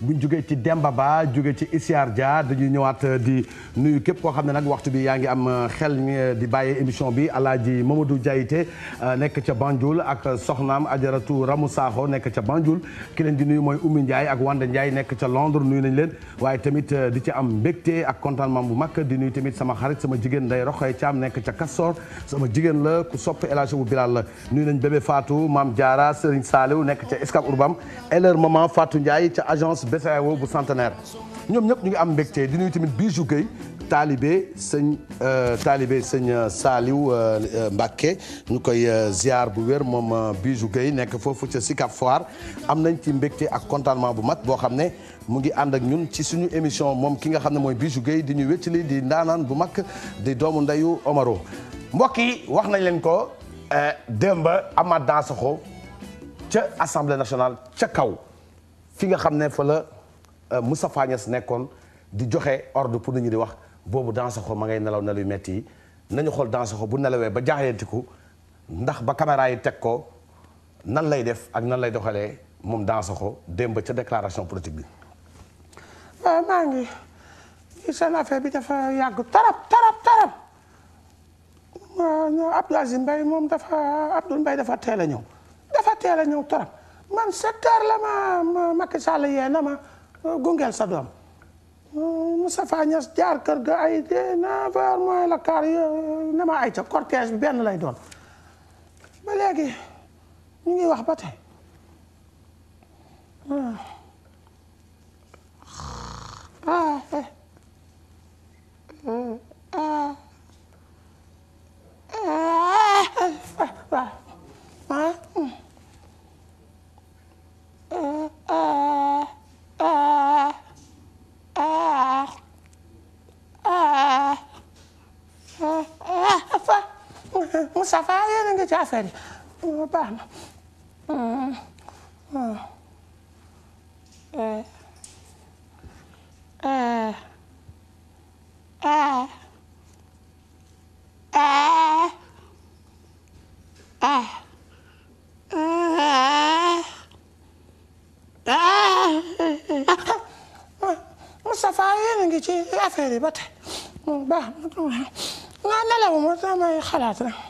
buñ jógee ci Demba Ba jóge ci Isiar Dia dañuy ñëwaat euh, di nuyu képp koo xam ne nag waxtu bi yaa ngi am euh, xel euh, di bàyyee émission bi ji alaaji du Diayité nekk ca Banjul ak soxnaam Ajaratu Ramu Sakho nekk ca Banjul ki leen di nuyu mooy Oumy Ndiaye ak Wande Ndiaye nekk ca Londres nuy nañ leen waaye tamit di ci am mbégte ak contentement bu mag di nuyu tamit sama xarit sama jigéen Ndeye Roxoy Thiam nekk ca Kassor sama jigéen la ku sopp El Hadj bu Bilal la nuyu nañ bébé Fatou Mame Diarra Serigne Saliou nekk ca et leur maman Fatou Ndiaye agence DCAO bu centenaire ñoom ñëpp ñu ngi am mbégte di nuyu tamit Bijou Gueye taalibe sëñ euh, taalibe sëñ euh, Saliou euh, Mbacké ñu koy ziar bu wér moom Bijou Gueye nekk foofu ca Sicap Foire am nañ ci mbégte ak contentement bu mag boo xam ne mu ngi ànd ak ñun ci suñu émission moom ki nga xam ne mooy Bijou Gueye di ñu wéccali di ndaanaan bu mag di doomu ndeyu Omaro mbokk yi wax nañ leen ko démb Amath Dansokho ca assemblée nationale ca kaw fi nga xam ne fa la euh, Moustapha Niasse nekkoon di joxe ordre pour nañu di wax boobu Dansokho ma ngay nelaw nelaw yu metti yi nañu xool Dansokho bu nelawee ba jaaxleentiku ndax ba caméra yi teg ko nan lay def ak nan lay doxalee moom Dansokho démb ca déclaration politique bi. Euh, affaire bi dafa yàgg tarap tarap tarap moom dafa Abdoul mbay dafa teel a ñëw dafa teel a ñëw tarap. man sept heures la ma Macky Sall yee na ma euh, gungeel sa doom euh, Moustapha Niass jaar kër ga ay eh, neuf heures moins le quart euh, ne ma ay ca benn lay doon ba léegi ñu ngi wax ba tey ah ah, eh. ah, ah. Moustapha yéen a ngi ci affaire yi baax na ah ah ah Moustapha a ngi ci affaire yi ba tey baax na nga nelaw ma damay xalaat rek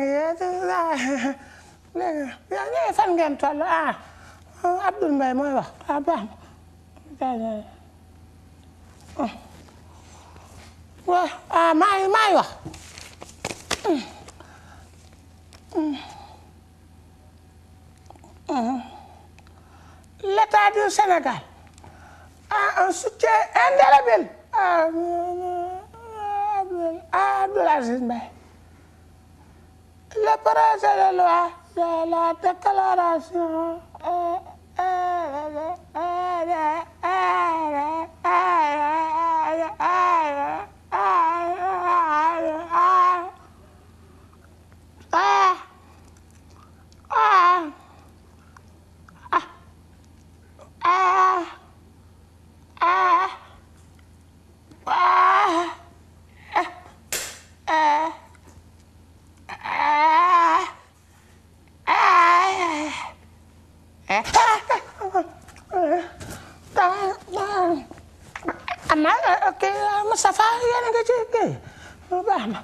léegi fan ngeen toll ah Abdoul Mbaye mooy wax ah baax ah maa ngi maa ngi wax l'État du Sénégal a un soutien indélébile à Abdoul Aziz Mbaye le projet de loi de la déclaration. Anna ak Moustapha yéen a ngi ci kii baax na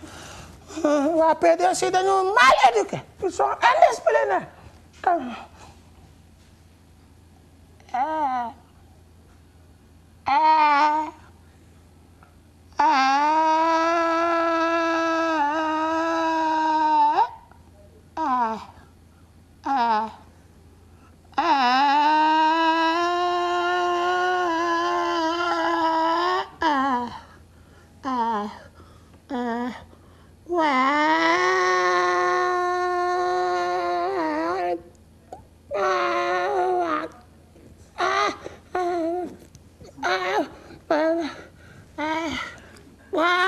waa PDS dañu mal éduqué ils sont indisciplinés 啊啊，晚安啊啊啊啊！晚安。